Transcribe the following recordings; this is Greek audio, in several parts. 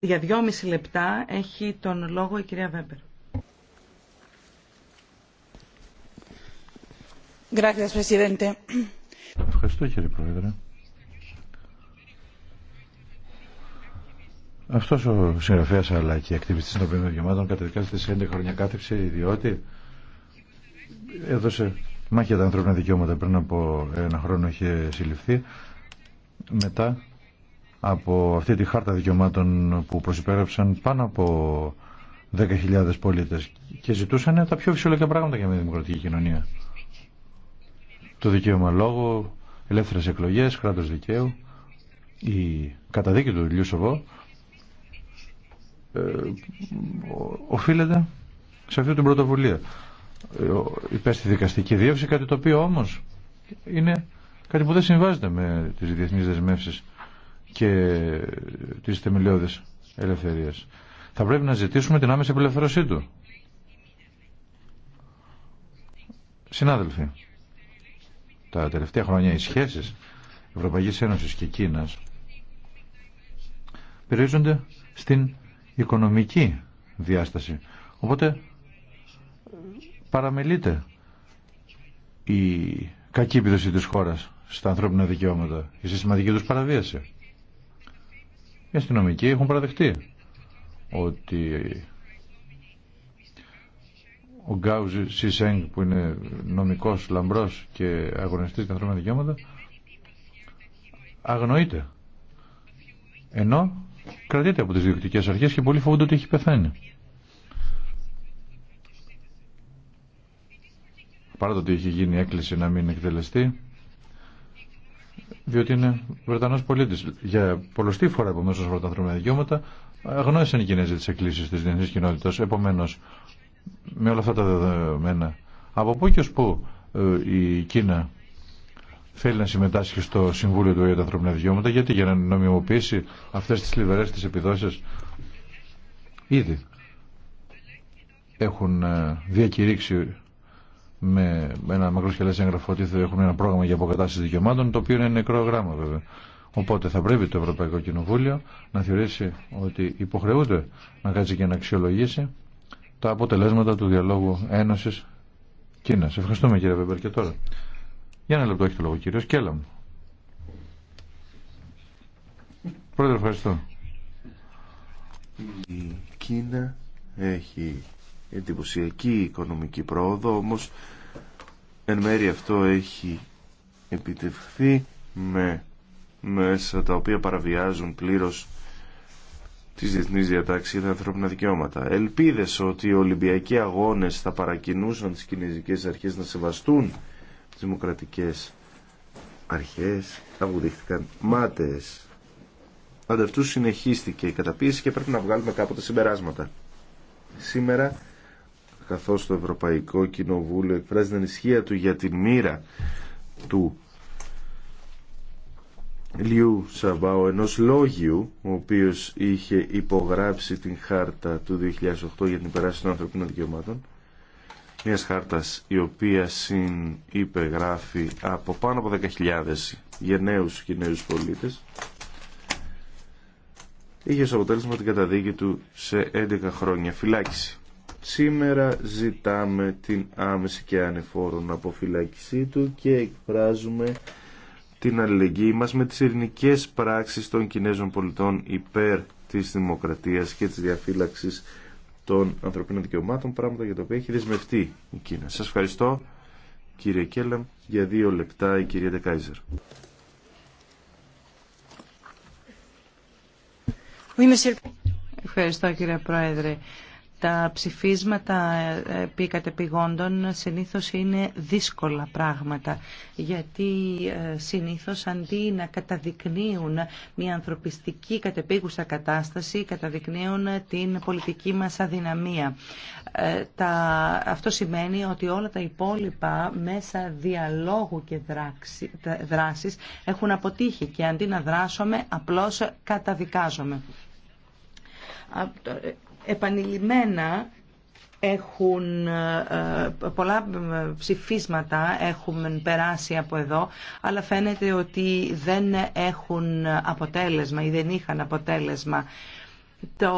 Για δυόμιση λεπτά έχει τον λόγο η κυρία Βέμπερ. Ευχαριστώ κύριε Πρόεδρε. Αυτός ο συγγραφέα αλλά και ακτιβιστής των ποινών δικαιωμάτων καταδικάζεται σε 11 χρόνια κάθεξη διότι έδωσε μάχη για τα ανθρώπινα δικαιώματα πριν από ένα χρόνο είχε συλληφθεί μετά από αυτή τη χάρτα δικαιωμάτων που προσυπέραψαν πάνω από 10.000 πολίτες και ζητούσαν τα πιο φυσιολογικά πράγματα για μια δημοκρατική κοινωνία. Το δικαίωμα λόγου, ελεύθερες εκλογές, κράτος δικαίου, η καταδίκη του Λιούσοβο ε, οφείλεται σε αυτή την πρωτοβουλία. Ε, υπέστη δικαστική δίωξη, κάτι το οποίο όμως είναι κάτι που δεν συμβάζεται με τις διεθνείς δεσμεύσεις και τις θεμελιώδη ελευθερίες. Θα πρέπει να ζητήσουμε την άμεση απελευθέρωσή του. Συνάδελφοι, τα τελευταία χρόνια οι σχέσεις Ευρωπαϊκής Ένωσης και Κίνας περιορίζονται στην οικονομική διάσταση. Οπότε παραμελείται η κακή επιδοσή της χώρας στα ανθρώπινα δικαιώματα, η συστηματική τους παραβίαση οι αστυνομικοί έχουν παραδεχτεί ότι ο Σι Σισέγγ που είναι νομικός λαμπρός και αγωνιστής για ανθρώπινα δικαιώματα αγνοείται ενώ κρατείται από τις διοικητικές αρχές και πολλοί φοβούνται ότι έχει πεθάνει παρά το ότι έχει γίνει έκκληση να μην εκτελεστεί διότι είναι Βρετανό πολίτη. Για πολλωστή φορά, από μέσα από τα ανθρώπινα δικαιώματα, αγνώρισαν οι Κινέζοι τι εκκλήσει τη διεθνή κοινότητα. Επομένω, με όλα αυτά τα δεδομένα, από πού και ω πού ε, η Κίνα θέλει να συμμετάσχει στο Συμβούλιο του ΟΗΕ τα ανθρώπινα δικαιώματα, γιατί για να νομιμοποιήσει αυτέ τι λιβερέ τι επιδόσει. Ήδη έχουν ε, διακηρύξει με ένα μακροσκελέ έγγραφο ότι θα ένα πρόγραμμα για αποκατάσταση δικαιωμάτων, το οποίο είναι νεκρό γράμμα βέβαια. Οπότε θα πρέπει το Ευρωπαϊκό Κοινοβούλιο να θεωρήσει ότι υποχρεούται να κάτσει και να αξιολογήσει τα αποτελέσματα του διαλόγου Ένωση Κίνα. Ευχαριστούμε κύριε Βέμπερ και τώρα. Για ένα λεπτό έχει το λόγο κύριο Κέλαμ. Πρόεδρε, ευχαριστώ. Η Κίνα έχει εντυπωσιακή οικονομική πρόοδο όμως εν μέρει αυτό έχει επιτευχθεί με μέσα τα οποία παραβιάζουν πλήρως τις διεθνείς διατάξεις για τα ανθρώπινα δικαιώματα. Ελπίδες ότι οι Ολυμπιακοί αγώνες θα παρακινούσαν τις κινέζικες αρχές να σεβαστούν τις δημοκρατικές αρχές αγουδίχθηκαν μάταιες. αυτού συνεχίστηκε η καταπίεση και πρέπει να βγάλουμε κάποτε συμπεράσματα. Σήμερα καθώς το Ευρωπαϊκό Κοινοβούλιο εκφράζει την ανησυχία του για την μοίρα του Λιού Σαββάου, ενός λόγιου, ο οποίος είχε υπογράψει την χάρτα του 2008 για την περάση των ανθρωπίνων δικαιωμάτων, μιας χάρτας η οποία συνυπεγράφει από πάνω από 10.000 γενναίους και νέους πολίτες, είχε ως αποτέλεσμα την καταδίκη του σε 11 χρόνια φυλάκιση. Σήμερα ζητάμε την άμεση και ανεφόρον αποφυλάκησή του και εκφράζουμε την αλληλεγγύη μας με τις ειρηνικές πράξεις των Κινέζων πολιτών υπέρ της δημοκρατίας και της διαφύλαξης των ανθρωπίνων δικαιωμάτων, πράγματα για τα οποία έχει δεσμευτεί η Κίνα. Σας ευχαριστώ κύριε Κέλλαμ για δύο λεπτά η κυρία Ντεκάιζερ. Ευχαριστώ κύριε Πρόεδρε. Τα ψηφίσματα ε, ε, επί κατεπηγόντων συνήθως είναι δύσκολα πράγματα, γιατί ε, συνήθως αντί να καταδεικνύουν μια ανθρωπιστική κατεπήγουσα κατάσταση, καταδεικνύουν την πολιτική μας αδυναμία. Τα... Αυτό σημαίνει ότι όλα τα υπόλοιπα μέσα διαλόγου και δράξη... δράσης έχουν αποτύχει και αντί να δράσουμε απλώς καταδικάζομαι επανειλημμένα έχουν ε, πολλά ψηφίσματα έχουν περάσει από εδώ αλλά φαίνεται ότι δεν έχουν αποτέλεσμα ή δεν είχαν αποτέλεσμα το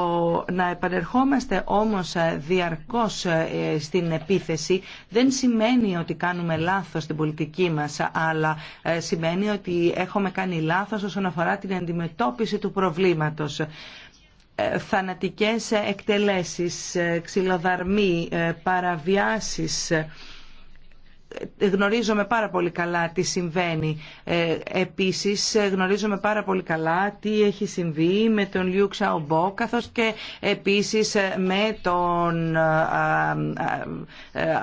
να επανερχόμαστε όμως διαρκώς ε, στην επίθεση δεν σημαίνει ότι κάνουμε λάθος στην πολιτική μας, αλλά ε, σημαίνει ότι έχουμε κάνει λάθος όσον αφορά την αντιμετώπιση του προβλήματος θανατικές εκτελέσεις, ε, ξυλοδαρμοί, ε, παραβιάσεις. Ε, γνωρίζομαι πάρα πολύ καλά τι συμβαίνει. Επίσης γνωρίζομαι πάρα πολύ καλά τι έχει συμβεί με τον Λιού Ξαομπό καθώς και επίσης με τον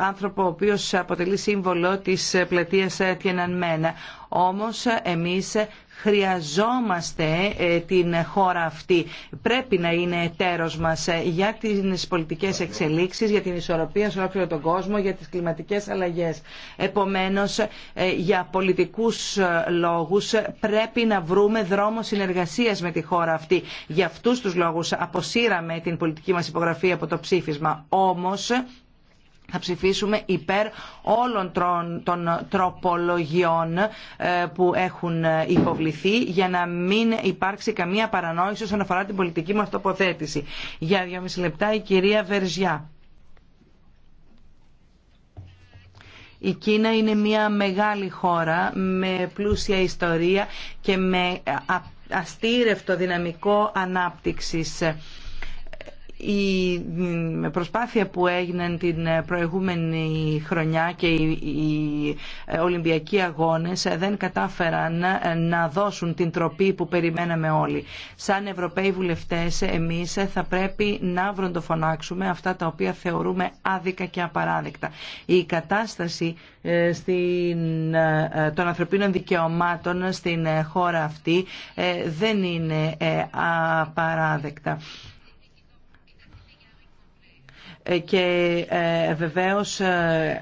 άνθρωπο ο οποίος αποτελεί σύμβολο της πλατείας Τιενανμένα. Όμως εμείς χρειαζόμαστε ε, την χώρα αυτή. Πρέπει να είναι εταίρος μας ε, για τις πολιτικές εξελίξεις, για την ισορροπία σε όλο τον κόσμο, για τις κλιματικές αλλαγές. Επομένως, ε, για πολιτικούς λόγους πρέπει να βρούμε δρόμο συνεργασίας με τη χώρα αυτή. Για αυτούς τους λόγους αποσύραμε την πολιτική μας υπογραφή από το ψήφισμα. Όμως, θα ψηφίσουμε υπέρ όλων των τροπολογιών ε, που έχουν ε, υποβληθεί για να μην υπάρξει καμία παρανόηση όσον αφορά την πολιτική μας τοποθέτηση. Για δύο μισή λεπτά η κυρία Βερζιά. Η Κίνα είναι μια μεγάλη χώρα με πλούσια ιστορία και με ε, αστήρευτο δυναμικό ανάπτυξης η προσπάθεια που έγιναν την προηγούμενη χρονιά και οι ε, Ολυμπιακοί Αγώνες ε, δεν κατάφεραν ε, να δώσουν την τροπή που περιμέναμε όλοι. Σαν Ευρωπαίοι βουλευτές εμείς θα πρέπει να βροντοφωνάξουμε αυτά τα οποία θεωρούμε άδικα και απαράδεκτα. Η κατάσταση των ανθρωπίνων δικαιωμάτων στην χώρα αυτή δεν είναι απαράδεκτα. Ε, και ε, βεβαίως ε,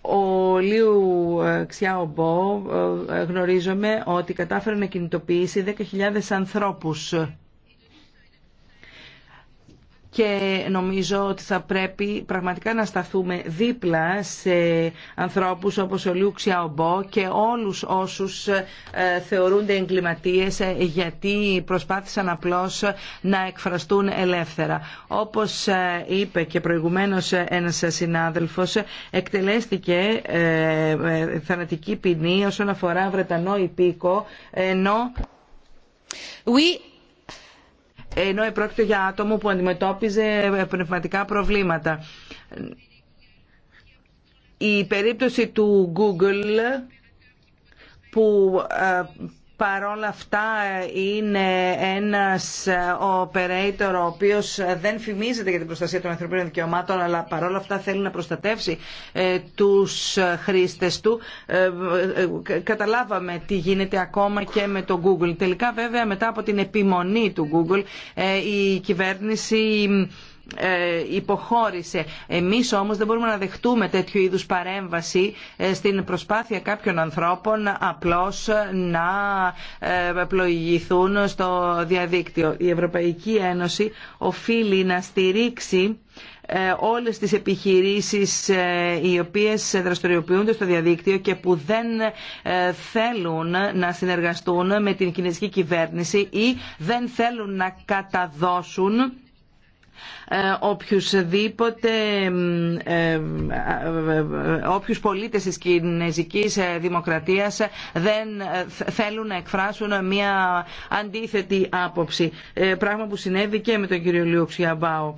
ο Λίου Ξιάομπο γνωρίζομαι ότι κατάφερε να κινητοποιήσει 10.000 ανθρώπους και νομίζω ότι θα πρέπει πραγματικά να σταθούμε δίπλα σε ανθρώπους όπως ο Λιου Ξιαομπό και όλους όσους ε, θεωρούνται εγκληματίες ε, γιατί προσπάθησαν απλώς να εκφραστούν ελεύθερα. Όπως ε, είπε και προηγουμένως ένας συνάδελφος, εκτελέστηκε θανατική ποινή όσον αφορά Βρετανό υπήκο, ενώ ενώ επρόκειτο για άτομο που αντιμετώπιζε πνευματικά προβλήματα. Η περίπτωση του Google που ε, παρόλα αυτά ε, είναι ένας ε, operator ο οποίος ε, δεν φημίζεται για την προστασία των ανθρωπίνων δικαιωμάτων αλλά παρόλα αυτά θέλει να προστατεύσει τους χρήστες του. Καταλάβαμε τι γίνεται ακόμα και με το Google. Τελικά βέβαια μετά από την επιμονή του Google η κυβέρνηση ε, υποχώρησε. Εμείς όμως δεν μπορούμε να δεχτούμε τέτοιου είδους παρέμβαση ε, στην προσπάθεια κάποιων ανθρώπων απλώς να ε, πλοηγηθούν στο διαδίκτυο. Η Ευρωπαϊκή Ένωση οφείλει να στηρίξει όλες τις επιχειρήσεις οι οποίες δραστηριοποιούνται στο διαδίκτυο και που δεν θέλουν να συνεργαστούν με την κινέζικη κυβέρνηση ή δεν θέλουν να καταδώσουν ε, οποιουσδήποτε ε, ε, όποιους πολίτες της Κινέζικης Δημοκρατίας δεν θέλουν να εκφράσουν μια αντίθετη άποψη. Πράγμα που συνέβη και με τον κύριο Λιουξιαμπάο.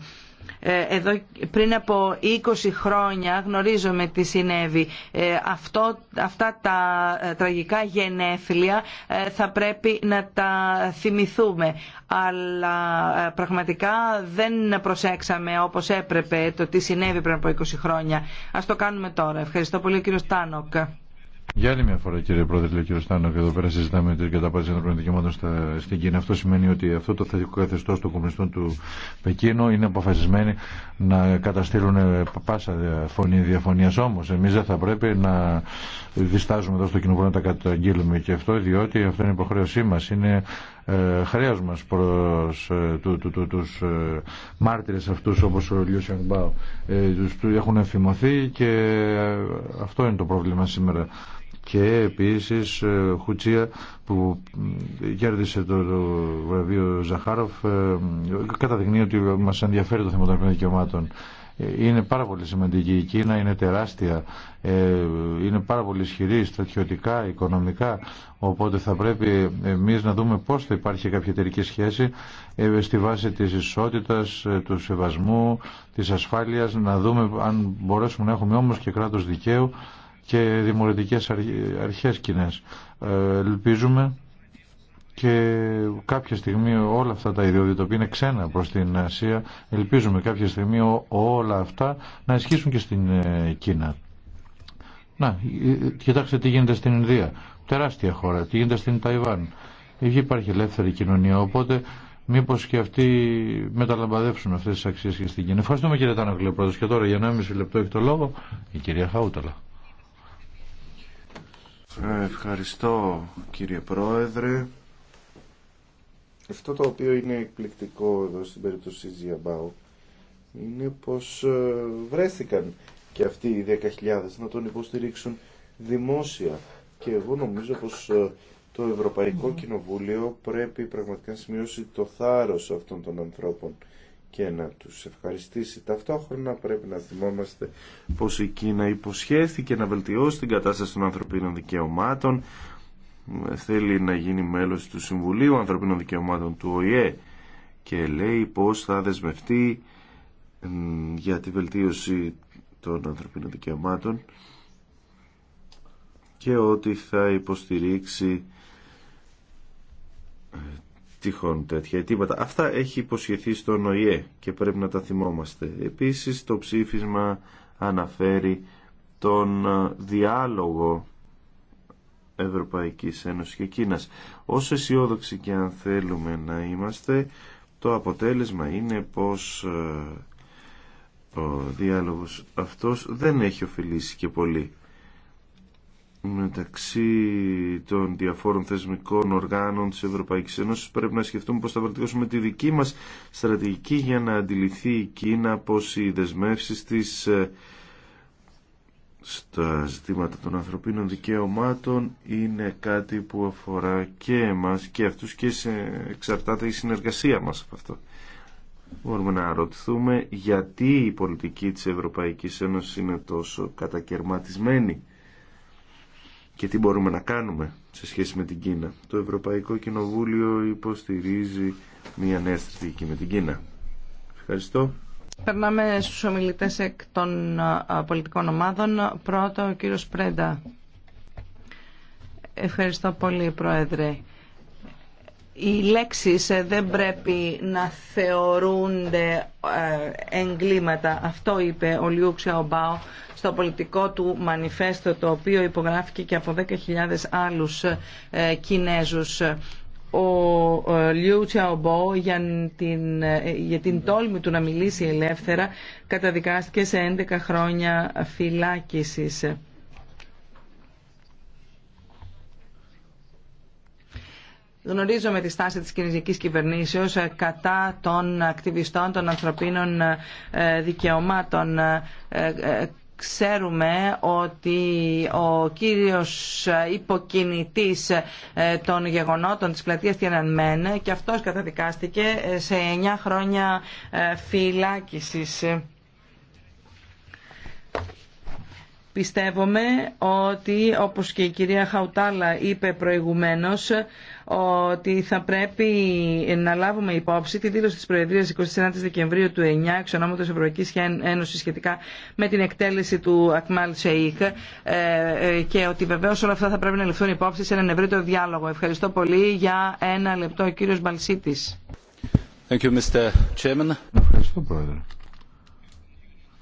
Ε, εδώ πριν από 20 χρόνια γνωρίζουμε τι συνέβη. Ε, αυτό, αυτά τα ε, τραγικά γενέθλια θα πρέπει να τα θυμηθούμε. Αλλά πραγματικά δεν προσέξαμε όπως έπρεπε το τι συνέβη πριν από 20 χρόνια. Ας το κάνουμε τώρα. Ευχαριστώ πολύ κύριο Στάνοκ. Για άλλη μια φορά, κύριε Πρόεδρε, λέει ο κύριο Στάνο, και εδώ πέρα συζητάμε την καταπάτηση των δικαιωμάτων στην Κίνα. Αυτό σημαίνει ότι αυτό το θετικό καθεστώ των κομμουνιστών του Πεκίνου είναι αποφασισμένοι να καταστήλουν πάσα φωνή διαφωνία. Όμω, εμεί δεν θα πρέπει να διστάζουμε εδώ στο κοινοβούλιο να τα καταγγείλουμε. Και αυτό διότι αυτό είναι υποχρέωσή μα. Είναι ε, χρέο μα προ ε, του, του, του, ε, ε, του ε, μάρτυρε αυτού όπω ο Λιού Μπάου. Ε, έχουν εφημωθεί και ε, αυτό είναι το πρόβλημα σήμερα. Και επίσης ε, Χουτσία που κέρδισε το βραβείο Ζαχάροφ ε, καταδεικνύει ότι μας ενδιαφέρει το θέμα των δικαιωμάτων είναι πάρα πολύ σημαντική. Η Κίνα είναι τεράστια, ε, είναι πάρα πολύ ισχυρή στρατιωτικά, οικονομικά, οπότε θα πρέπει εμείς να δούμε πώς θα υπάρχει κάποια εταιρική σχέση ε, στη βάση της ισότητας, ε, του σεβασμού, της ασφάλειας, να δούμε αν μπορέσουμε να έχουμε όμως και κράτος δικαίου και δημοκρατικές αρχές κοινές. Ελπίζουμε και κάποια στιγμή όλα αυτά τα ιδιώδη τα είναι ξένα προς την Ασία ελπίζουμε κάποια στιγμή όλα αυτά να ισχύσουν και στην ε, Κίνα. Να, ε, κοιτάξτε τι γίνεται στην Ινδία, τεράστια χώρα, τι γίνεται στην Ταϊβάν. Εκεί υπάρχει ελεύθερη κοινωνία, οπότε μήπως και αυτοί μεταλαμπαδεύσουν αυτές τις αξίες και στην Κίνα. Ευχαριστούμε κύριε Τάνακλε και τώρα για 1,5 λεπτό έχει το λόγο η κυρία Χαούταλα. Ευχαριστώ κύριε Πρόεδρε. Αυτό το οποίο είναι εκπληκτικό εδώ στην περίπτωση Ζιαμπάου είναι πως ε, βρέθηκαν και αυτοί οι 10.000 να τον υποστηρίξουν δημόσια και εγώ νομίζω πως ε, το Ευρωπαϊκό ναι. Κοινοβούλιο πρέπει πραγματικά να σημειώσει το θάρρος αυτών των ανθρώπων και να τους ευχαριστήσει. Ταυτόχρονα πρέπει να θυμόμαστε πως η Κίνα υποσχέθηκε να βελτιώσει την κατάσταση των ανθρωπίνων δικαιωμάτων, θέλει να γίνει μέλος του Συμβουλίου Ανθρωπίνων Δικαιωμάτων του ΟΗΕ και λέει πως θα δεσμευτεί για τη βελτίωση των ανθρωπίνων δικαιωμάτων και ότι θα υποστηρίξει ε, τυχόν τέτοια αιτήματα. Αυτά έχει υποσχεθεί στον ΟΗΕ και πρέπει να τα θυμόμαστε. Επίσης το ψήφισμα αναφέρει τον ε, διάλογο Ευρωπαϊκής Ένωσης και Κίνας. Όσο αισιόδοξοι και αν θέλουμε να είμαστε, το αποτέλεσμα είναι πως ε, ο διάλογος αυτός δεν έχει ωφελήσει και πολύ. Μεταξύ των διαφόρων θεσμικών οργάνων της Ευρωπαϊκής Ένωσης πρέπει να σκεφτούμε πώς θα βελτιώσουμε τη δική μας στρατηγική για να αντιληφθεί η Κίνα πως οι δεσμεύσεις της ε, στα ζητήματα των ανθρωπίνων δικαιωμάτων είναι κάτι που αφορά και εμάς και αυτούς και σε, εξαρτάται η συνεργασία μας από αυτό. Μπορούμε να ρωτηθούμε γιατί η πολιτική της Ευρωπαϊκής Ένωσης είναι τόσο κατακαιρματισμένη και τι μπορούμε να κάνουμε σε σχέση με την Κίνα. Το Ευρωπαϊκό Κοινοβούλιο υποστηρίζει μια νέα στρατηγική με την Κίνα. Ευχαριστώ. Περνάμε στους ομιλητές εκ των πολιτικών ομάδων. Πρώτο, ο κύριος Πρέντα. Ευχαριστώ πολύ, Πρόεδρε. Οι λέξεις ε, δεν πρέπει να θεωρούνται ε, εγκλήματα. Αυτό είπε ο Λιού στο πολιτικό του μανιφέστο, το οποίο υπογράφηκε και από 10.000 άλλους ε, Κινέζους ο Λιού Τσαομπό για την, για την τόλμη του να μιλήσει ελεύθερα καταδικάστηκε σε 11 χρόνια φυλάκισης. Γνωρίζουμε τη στάση της κινέζικης κυβερνήσεως κατά των ακτιβιστών των ανθρωπίνων ε, δικαιωμάτων ε, ε, Ξέρουμε ότι ο κύριος υποκινητής ε, των γεγονότων της πλατείας Τιανανμέν και αυτός καταδικάστηκε ε, σε 9 χρόνια ε, φυλάκισης. Πιστεύουμε ότι, όπως και η κυρία Χαουτάλα είπε προηγουμένως, ότι θα πρέπει να λάβουμε υπόψη τη δήλωση της Προεδρίας 29 Δεκεμβρίου του 2009 εξ ονόματος Ευρωπαϊκής Ένωση σχετικά με την εκτέλεση του Ακμάλ Σεϊχ ε, ε, και ότι βεβαίως όλα αυτά θα πρέπει να ληφθούν υπόψη σε έναν ευρύτερο διάλογο. Ευχαριστώ πολύ για ένα λεπτό ο κύριος Μπαλσίτης. Ευχαριστώ Πρόεδρε.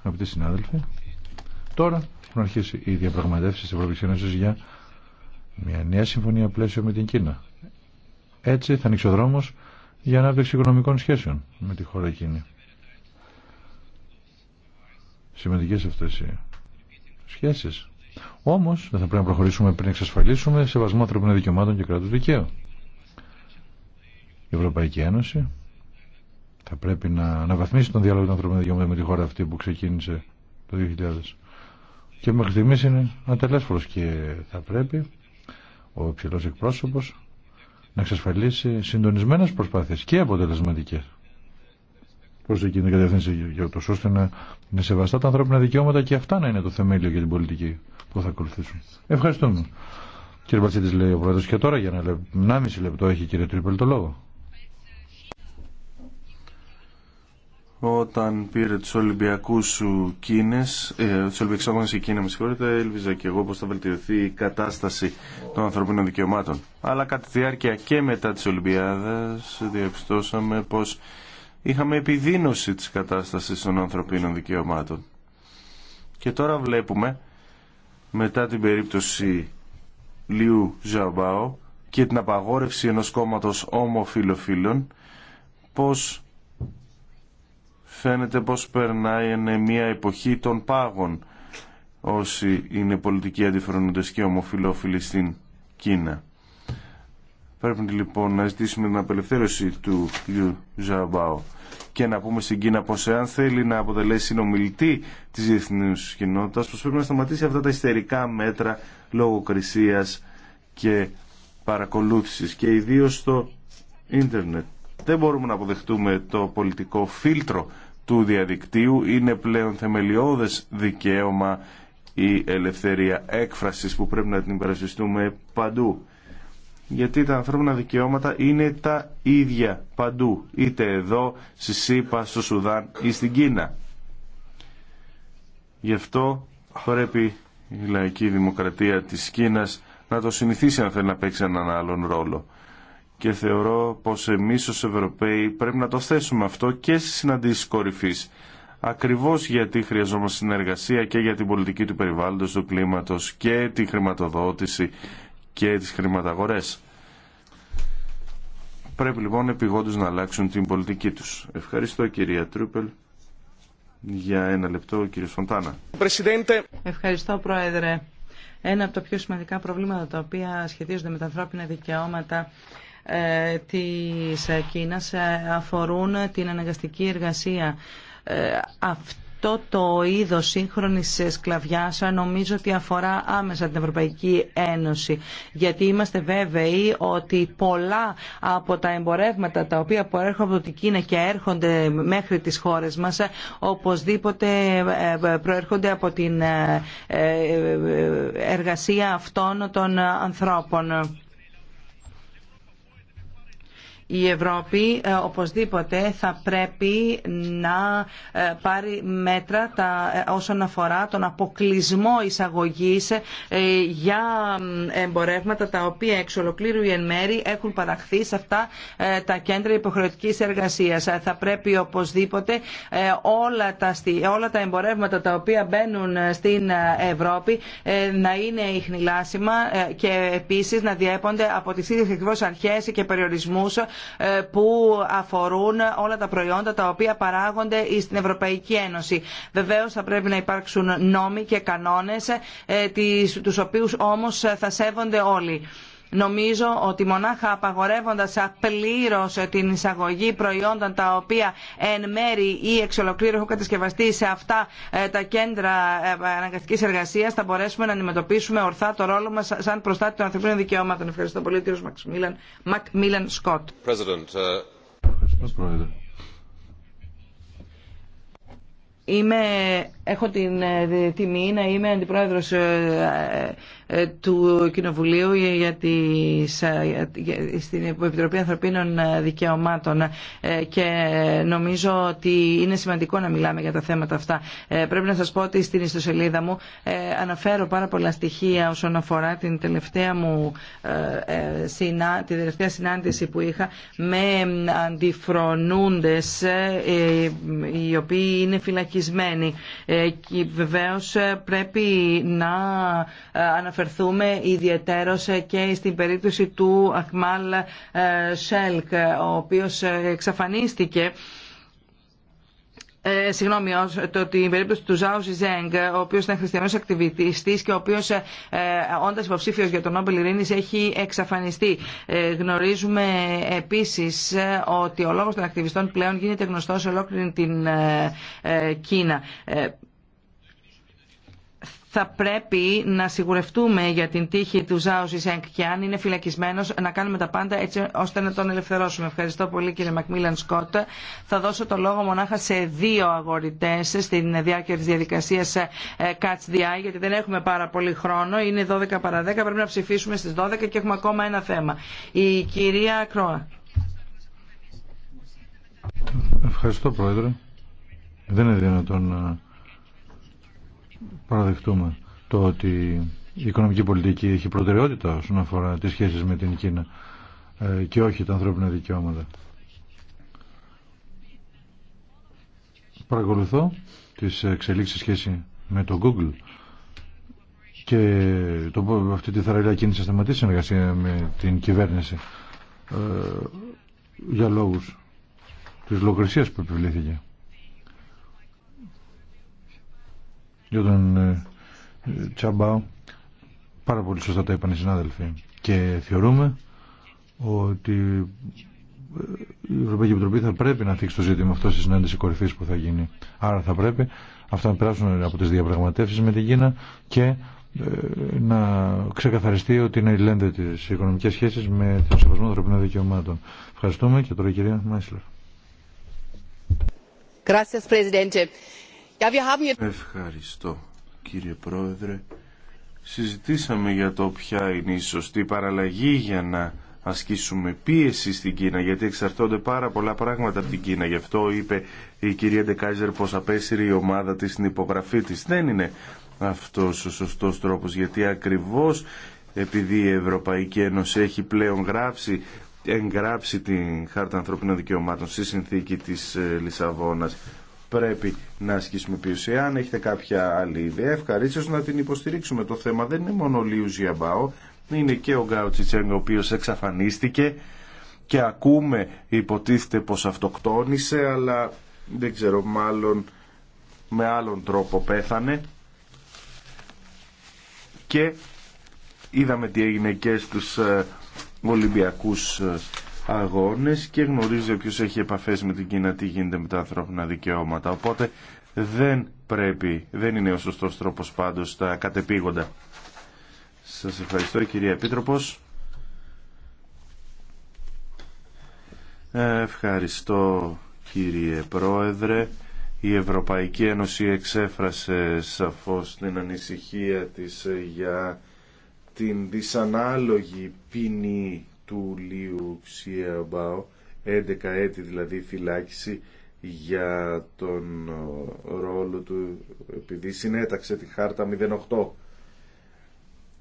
Αγαπητοί συνάδελφοι, τώρα έχουν αρχίσει οι διαπραγματεύσεις τη Ευρωπαϊκή Ένωση για μια νέα συμφωνία πλαίσιο με την Κίνα. Έτσι θα ανοίξει ο δρόμο για ανάπτυξη οικονομικών σχέσεων με τη χώρα εκείνη. σημαντικέ αυτέ οι σχέσει. Όμω δεν θα πρέπει να προχωρήσουμε πριν εξασφαλίσουμε σεβασμό ανθρωπινών δικαιωμάτων και κράτου δικαίου. Η Ευρωπαϊκή Ένωση θα πρέπει να αναβαθμίσει τον διάλογο των ανθρωπίνων δικαιωμάτων με τη χώρα αυτή που ξεκίνησε το 2000. Και μέχρι στιγμή είναι ατελέσφορο και θα πρέπει ο υψηλό εκπρόσωπο να εξασφαλίσει συντονισμένες προσπάθειες και αποτελεσματικές προς εκείνη την κατεύθυνση για το ώστε να είναι σεβαστά τα ανθρώπινα δικαιώματα και αυτά να είναι το θεμέλιο για την πολιτική που θα ακολουθήσουν. Ευχαριστούμε. Κύριε Μπατσίτης λέει ο Πρόεδρος και τώρα για ένα 1,5 λεπτό έχει κύριε Τρίπελ το λόγο. όταν πήρε του ολυμπιακού σου Κίνες, ε, τους Ολυμπιακούς Αγώνε με συγχωρείτε, έλβιζα και εγώ πως θα βελτιωθεί η κατάσταση των ανθρωπίνων δικαιωμάτων. Αλλά κατά τη διάρκεια και μετά της Ολυμπιάδας διαπιστώσαμε πως είχαμε επιδείνωση της κατάστασης των ανθρωπίνων δικαιωμάτων. Και τώρα βλέπουμε, μετά την περίπτωση Λιού Ζαμπάο και την απαγόρευση ενός κόμματος ομοφιλοφίλων, πως φαίνεται πως περνάει μια εποχή των πάγων όσοι είναι πολιτικοί αντιφρονούντες και ομοφιλόφιλοι στην Κίνα. Πρέπει λοιπόν να ζητήσουμε την απελευθέρωση του Λιου Ζαμπάου και να πούμε στην Κίνα πως εάν θέλει να αποτελέσει συνομιλητή της διεθνής κοινότητα, πως πρέπει να σταματήσει αυτά τα ιστερικά μέτρα λογοκρισίας και παρακολούθησης και ιδίως στο ίντερνετ. Δεν μπορούμε να αποδεχτούμε το πολιτικό φίλτρο του διαδικτύου είναι πλέον θεμελιώδες δικαίωμα η ελευθερία έκφρασης που πρέπει να την υπερασπιστούμε παντού. Γιατί τα ανθρώπινα δικαιώματα είναι τα ίδια παντού, είτε εδώ, στη ΣΥΠΑ, στο Σουδάν ή στην Κίνα. Γι' αυτό πρέπει η λαϊκή δημοκρατία της Κίνας να το συνηθίσει αν θέλει να παίξει έναν άλλον ρόλο και θεωρώ πως εμείς ως Ευρωπαίοι πρέπει να το θέσουμε αυτό και στις συναντήσεις κορυφής. Ακριβώς γιατί χρειαζόμαστε συνεργασία και για την πολιτική του περιβάλλοντος, του κλίματος και τη χρηματοδότηση και τις χρηματαγορές. Πρέπει λοιπόν επιγόντως να αλλάξουν την πολιτική τους. Ευχαριστώ κυρία Τρούπελ. Για ένα λεπτό, κύριε Φοντάνα. Ευχαριστώ, Πρόεδρε. Ένα από τα πιο σημαντικά προβλήματα τα οποία σχετίζονται με τα ανθρώπινα δικαιώματα ε, της Κίνας ε, αφορούν την αναγκαστική εργασία. Ε, αυτό το είδος σύγχρονης σκλαβιάς νομίζω ότι αφορά άμεσα την Ευρωπαϊκή Ένωση γιατί είμαστε βέβαιοι ότι πολλά από τα εμπορεύματα τα οποία προέρχονται από την Κίνα και έρχονται μέχρι τις χώρες μας οπωσδήποτε προέρχονται από την εργασία αυτών των ανθρώπων. Η Ευρώπη ε, οπωσδήποτε θα πρέπει να ε, πάρει μέτρα τα, ε, όσον αφορά τον αποκλεισμό εισαγωγής για εμπορεύματα τα οποία εξ ολοκλήρου ή εν μέρη έχουν παραχθεί σε αυτά τα κέντρα υποχρεωτικής εργασίας. Θα πρέπει οπωσδήποτε όλα τα, όλα τα εμπορεύματα τα οποία μπαίνουν στην Ευρώπη να είναι ιχνηλάσιμα και επίσης να διέπονται από τις ίδιες αρχές και περιορισμούς ε, που αφορούν όλα τα προϊόντα τα οποία παράγονται στην Ευρωπαϊκή Ένωση. Βεβαίω θα πρέπει να υπάρξουν νόμοι και κανόνες ε, τους οποίους όμως θα σέβονται όλοι. Νομίζω ότι μονάχα απαγορεύοντας απλήρως την εισαγωγή προϊόντων τα οποία εν μέρη ή εξ ολοκλήρου έχουν κατασκευαστεί σε αυτά ε, τα κέντρα ε, αναγκαστικής εργασίας θα μπορέσουμε να αντιμετωπίσουμε ορθά το ρόλο μας σαν προστάτη των ανθρωπίνων δικαιωμάτων. Ευχαριστώ πολύ κύριος Μακμίλαν Σκότ. Είμαι, έχω την ε, τιμή να είμαι αντιπρόεδρος ε, ε, του Κοινοβουλίου για στην Επιτροπή Ανθρωπίνων Δικαιωμάτων και νομίζω ότι είναι σημαντικό να μιλάμε για τα θέματα αυτά. Πρέπει να σας πω ότι στην ιστοσελίδα μου αναφέρω πάρα πολλά στοιχεία όσον αφορά την τελευταία μου τελευταία συνάντηση που είχα με αντιφρονούντες οι οποίοι είναι φυλακισμένοι ευτυχισμένοι. Ε, και βεβαίως ε, πρέπει να ε, αναφερθούμε ιδιαιτέρως και στην περίπτωση του Αχμάλ Σέλκ, ο οποίος εξαφανίστηκε ε, συγγνώμη, το, η περίπτωση του Ζάου Ζιζέγκ, ο οποίο ήταν χριστιανός ακτιβιστής και ο οποίος ε, ε όντας για τον Νόμπελ Ειρήνη, έχει εξαφανιστεί. Ε, γνωρίζουμε επίσης ε, ότι ο λόγος των ακτιβιστών πλέον γίνεται γνωστό σε ολόκληρη την Κίνα θα πρέπει να σιγουρευτούμε για την τύχη του Ζάο Ζιζέγκ και αν είναι φυλακισμένο να κάνουμε τα πάντα έτσι ώστε να τον ελευθερώσουμε. Ευχαριστώ πολύ κύριε Μακμίλαν Σκότ. Θα δώσω το λόγο μονάχα σε δύο αγορητέ στην διάρκεια τη διαδικασία ε, Catch the Eye γιατί δεν έχουμε πάρα πολύ χρόνο. Είναι 12 παρα 10, πρέπει να ψηφίσουμε στι 12 και έχουμε ακόμα ένα θέμα. Η κυρία Κρόα. Ευχαριστώ πρόεδρε. Δεν είναι δυνατόν να παραδεχτούμε το ότι η οικονομική πολιτική έχει προτεραιότητα όσον αφορά τις σχέσεις με την Κίνα ε, και όχι τα ανθρώπινα δικαιώματα. Παρακολουθώ τις εξελίξεις σχέση με το Google και το, αυτή τη θεραλία κίνηση σταματήσει συνεργασία με την κυβέρνηση ε, για λόγους της λογοκρισίας που επιβλήθηκε. για τον ε, Τσαμπάου. Πάρα πολύ σωστά τα είπαν οι συνάδελφοι. Και θεωρούμε ότι ε, η Ευρωπαϊκή Επιτροπή θα πρέπει να θίξει το ζήτημα αυτό στη συνάντηση κορυφή που θα γίνει. Άρα θα πρέπει αυτά να περάσουν από τι διαπραγματεύσει με την Κίνα και ε, να ξεκαθαριστεί ότι είναι λέντε τι οικονομικέ σχέσει με τον σεβασμό των ανθρωπίνων δικαιωμάτων. Ευχαριστούμε και τώρα η κυρία Μάισλερ. Ευχαριστώ κύριε Πρόεδρε. Συζητήσαμε για το ποια είναι η σωστή παραλλαγή για να ασκήσουμε πίεση στην Κίνα γιατί εξαρτώνται πάρα πολλά πράγματα από την Κίνα. Γι' αυτό είπε η κυρία Ντεκάιζερ πως απέσυρε η ομάδα της στην υπογραφή της. Δεν είναι αυτός ο σωστός τρόπος γιατί ακριβώς επειδή η Ευρωπαϊκή Ένωση έχει πλέον γράψει εγγράψει την Χάρτα Ανθρωπίνων Δικαιωμάτων στη συνθήκη της ε, Λισαβόνας πρέπει να ασκήσουμε πίεση. Αν έχετε κάποια άλλη ιδέα, ευχαρίστω να την υποστηρίξουμε. Το θέμα δεν είναι μόνο ο Λίου Ζιαμπάο, είναι και ο Γκάο ο οποίο εξαφανίστηκε και ακούμε υποτίθεται πως αυτοκτόνησε, αλλά δεν ξέρω, μάλλον με άλλον τρόπο πέθανε. Και είδαμε τι έγινε και στους ε, Ολυμπιακούς ε, αγώνες και γνωρίζει όποιο έχει επαφές με την Κίνα τι γίνεται με τα ανθρώπινα δικαιώματα. Οπότε δεν πρέπει, δεν είναι ο σωστός τρόπος πάντως τα κατεπήγοντα. Σας ευχαριστώ κυρία Επίτροπος. Ευχαριστώ κύριε Πρόεδρε. Η Ευρωπαϊκή Ένωση εξέφρασε σαφώς την ανησυχία της για την δυσανάλογη ποινή του Λίου Ψιαμπάου 11 έτη δηλαδή φυλάκιση για τον ρόλο του επειδή συνέταξε τη χάρτα 08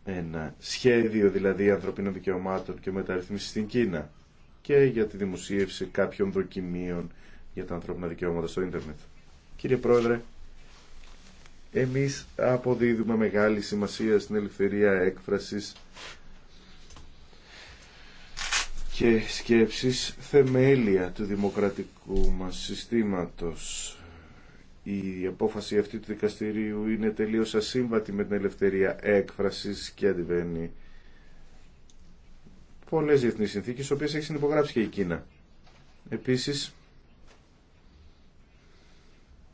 ένα σχέδιο δηλαδή ανθρωπίνων δικαιωμάτων και μεταρρυθμίσεις στην Κίνα και για τη δημοσίευση κάποιων δοκιμίων για τα ανθρώπινα δικαιώματα στο ίντερνετ. Κύριε Πρόεδρε, εμείς αποδίδουμε μεγάλη σημασία στην ελευθερία έκφρασης και σκέψεις θεμέλια του δημοκρατικού μας συστήματος. Η απόφαση αυτή του δικαστηρίου είναι τελείως ασύμβατη με την ελευθερία έκφρασης και αντιβαίνει πολλές διεθνείς συνθήκες, οποίες έχει συνυπογράψει και η Κίνα. Επίσης,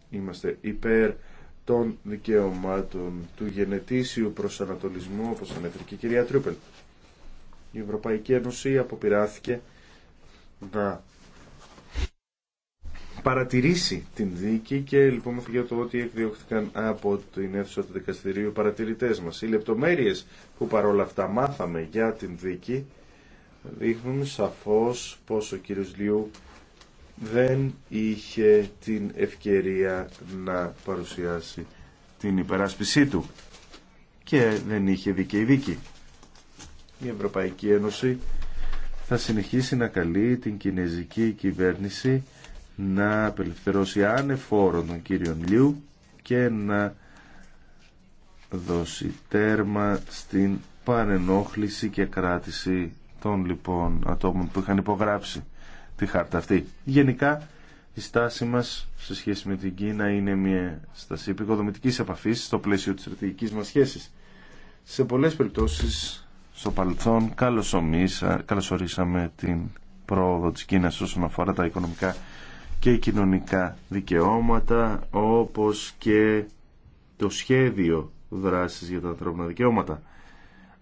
είμαστε υπέρ των δικαιωμάτων του γενετήσιου προσανατολισμού, όπως ανέφερε και η κυρία Τρούπελ. Η Ευρωπαϊκή Ένωση αποπειράθηκε να παρατηρήσει την δίκη και λοιπόν για το ότι εκδιώχθηκαν από την αίθουσα του δικαστηρίου παρατηρητές μας. Οι λεπτομέρειες που παρόλα αυτά μάθαμε για την δίκη δείχνουν σαφώς πως ο κύριος Λιού δεν είχε την ευκαιρία να παρουσιάσει την υπεράσπισή του και δεν είχε δίκαιη δίκη η Ευρωπαϊκή Ένωση θα συνεχίσει να καλεί την κινέζικη κυβέρνηση να απελευθερώσει ανεφόρον τον κύριο Λιού και να δώσει τέρμα στην παρενόχληση και κράτηση των λοιπόν ατόμων που είχαν υπογράψει τη χάρτα αυτή. Γενικά η στάση μας σε σχέση με την Κίνα είναι μια στάση επικοδομητικής επαφής στο πλαίσιο της στρατηγικής μας σχέσης. Σε πολλές περιπτώσεις στο παρελθόν καλωσορίσαμε την πρόοδο της Κίνας όσον αφορά τα οικονομικά και κοινωνικά δικαιώματα όπως και το σχέδιο δράσης για τα ανθρώπινα δικαιώματα.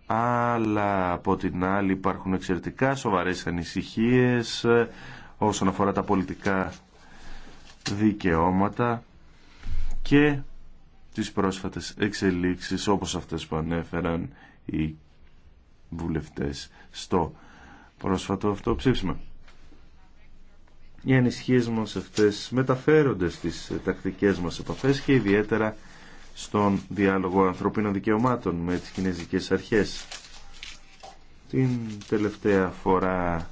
Αλλά από την άλλη υπάρχουν εξαιρετικά σοβαρές ανησυχίες ε, όσον αφορά τα πολιτικά δικαιώματα και τις πρόσφατες εξελίξεις όπως αυτές που ανέφεραν οι βουλευτές στο πρόσφατο αυτό ψήφισμα. Οι ανησυχίες μας αυτές μεταφέρονται στις τακτικές μας επαφές και ιδιαίτερα στον διάλογο ανθρωπίνων δικαιωμάτων με τις κινέζικες αρχές. Την τελευταία φορά,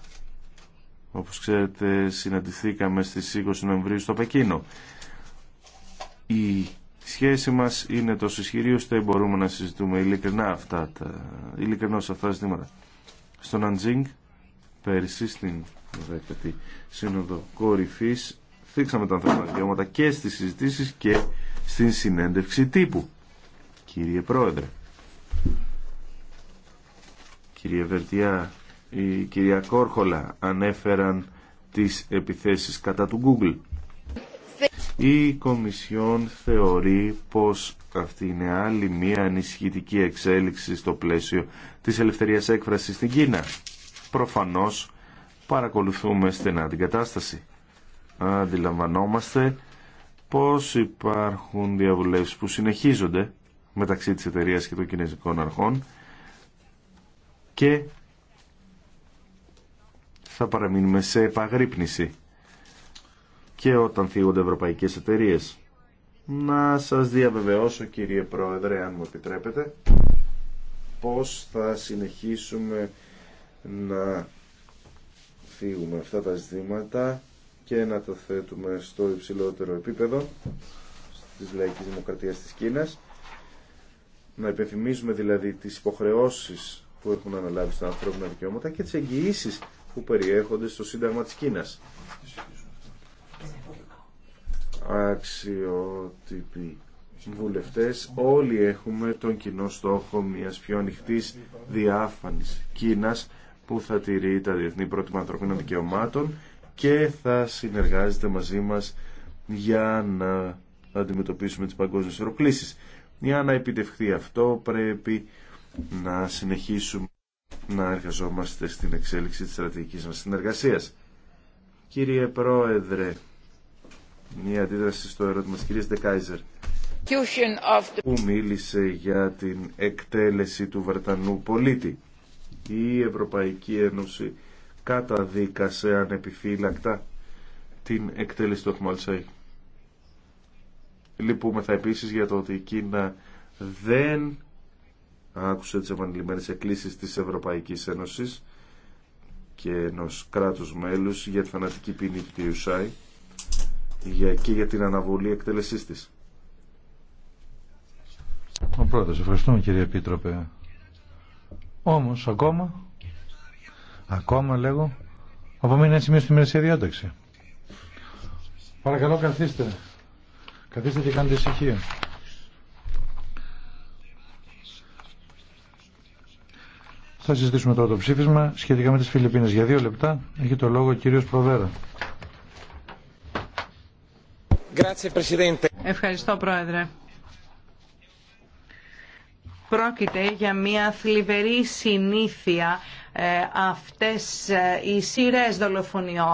όπως ξέρετε, συναντηθήκαμε στις 20 Νοεμβρίου στο Πεκίνο. Η σχέση μας είναι τόσο ισχυρή ώστε μπορούμε να συζητούμε ειλικρινά αυτά τα, ειλικρινώς αυτά τα ζητήματα. Στο Αντζίνγκ, πέρυσι στην 10η Σύνοδο Κορυφής, θίξαμε τα ανθρώπινα δικαιώματα και στις συζητήσεις και στην συνέντευξη τύπου. Κύριε Πρόεδρε, κύριε Βερτιά, η κυρία Κόρχολα ανέφεραν τις επιθέσεις κατά του Google. Η Κομισιόν θεωρεί πως αυτή είναι άλλη μία ανησυχητική εξέλιξη στο πλαίσιο της ελευθερίας έκφρασης στην Κίνα. Προφανώς παρακολουθούμε στενά την κατάσταση. Αντιλαμβανόμαστε πως υπάρχουν διαβουλεύσεις που συνεχίζονται μεταξύ της εταιρείας και των κινέζικων αρχών και θα παραμείνουμε σε επαγρύπνηση και όταν θίγονται ευρωπαϊκές εταιρείες. Να σας διαβεβαιώσω κύριε Πρόεδρε, αν μου επιτρέπετε, πώς θα συνεχίσουμε να φύγουμε αυτά τα ζητήματα και να το θέτουμε στο υψηλότερο επίπεδο της λαϊκής δημοκρατίας της Κίνας. Να υπενθυμίζουμε δηλαδή τις υποχρεώσεις που έχουν αναλάβει στα ανθρώπινα δικαιώματα και τις εγγυήσεις που περιέχονται στο Σύνταγμα της Κίνας αξιότυποι βουλευτές όλοι έχουμε τον κοινό στόχο μιας πιο ανοιχτή διάφανης Κίνας που θα τηρεί τα διεθνή πρότυπα ανθρωπίνων δικαιωμάτων και θα συνεργάζεται μαζί μας για να αντιμετωπίσουμε τις παγκόσμιες ευρωκλήσεις. Για να επιτευχθεί αυτό πρέπει να συνεχίσουμε να εργαζόμαστε στην εξέλιξη της στρατηγικής μας συνεργασίας. Κύριε Πρόεδρε, Μία αντίδραση στο ερώτημα της κυρίας Ντεκάιζερ που μίλησε για την εκτέλεση του Βρετανού πολίτη. Η Ευρωπαϊκή Ένωση καταδίκασε ανεπιφύλακτα την εκτέλεση του Αχμαλσαϊ. Λυπούμεθα επίσης για το ότι η Κίνα δεν άκουσε τις επανειλημμένες εκκλήσεις της Ευρωπαϊκής Ένωσης και ενός κράτους μέλους για τη φανατική ποινή του Ιουσάη για, και για την αναβολή εκτέλεσής της. Ο πρώτος. ευχαριστούμε κύριε Επίτροπε. Όμως, ακόμα, ακόμα λέγω, απομείνει ένα σημείο στη μερισσία διάταξη. Παρακαλώ καθίστε. Καθίστε και κάντε ησυχία. Θα συζητήσουμε τώρα το ψήφισμα σχετικά με τις Φιλιππίνες. Για δύο λεπτά έχει το λόγο ο κύριος Προβέρα. Ευχαριστώ, Πρόεδρε. Πρόκειται για μια θλιβερή συνήθεια ε, αυτές ε, οι σειρές δολοφονιών